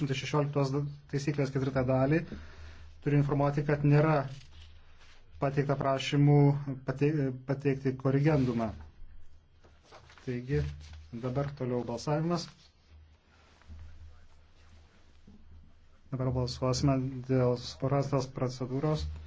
116 taisyklės ketvirtą dalį turiu informuoti, kad nėra pateikta prašymų pateikti korigendumą. Taigi, dabar toliau balsavimas. Dabar balsuosime dėl suprastas procedūros.